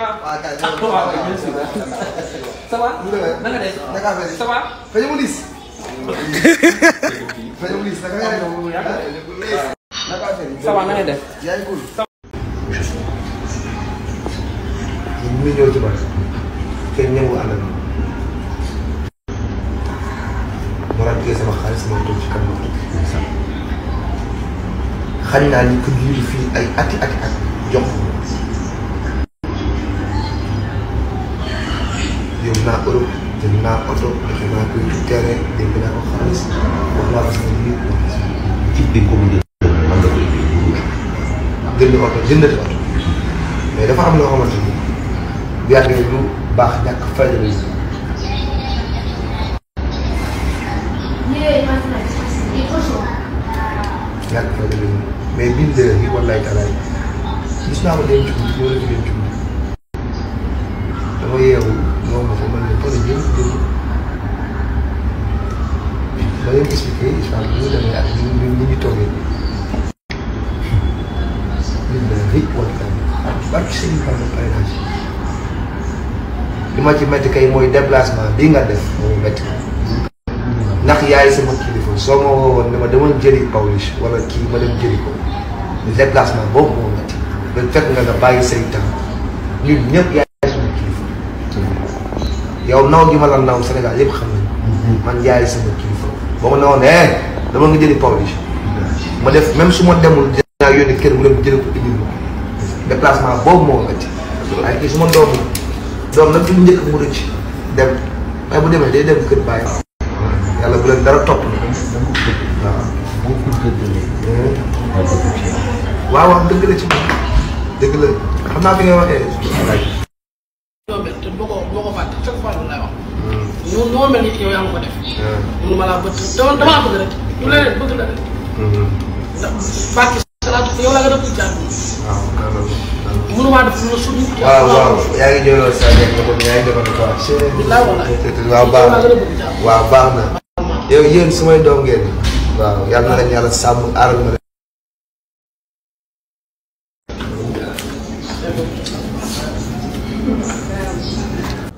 ah ah waaw kay bien sûr. ça va. na nga mu liis. feeñ mu liis naka nga def. mu ngi ñëw naa ni ko fii ay ati ati at jox këru jënd naa ko terrain dégg naa ko xaalis wax naa ko sama nit wax naa ci biir commune jënd oto jëndati oto mais dafa am loo xamante ni bu baax ñàkk fayda la ñàkk fayda la mais biñ dëgg yi wallaay talaay naa ko denc ko wala denc ko expliqué incha allah li ma ci métti kay mooy déplacement bii nga def mooy métti ndax yaay sama kilifa soo ma woowoon ne ma demoon jëli Pawlish wala kii ma dem jëli ko déplacement boobu moo métti ba fekk nga nga bàyyi say temps ñun ñëpp yaay sama kilifa yow naw gi ma la naw Sénégal yëpp xam nañ man yaay sama kilifa. ba ma ne woon eh dama nga jëli Pawlish ma def même su ma demul dinaa yónni kër mu dem jëli ko indi de déplacement boobu moo ëtt waaye gis su ma doom doom nag lu njëkk mu rëcc dem waaye bu demee day dem kër bàyyi yàlla bu waaw waaw waaw dëgg la ci dëgg la xam naa fi ngay waxee noonu hmm. hmm. waaw kàlla la. mënumaa def lu la waaw baax na waaw baax na. yow yal na leen yàlla sàmm aaral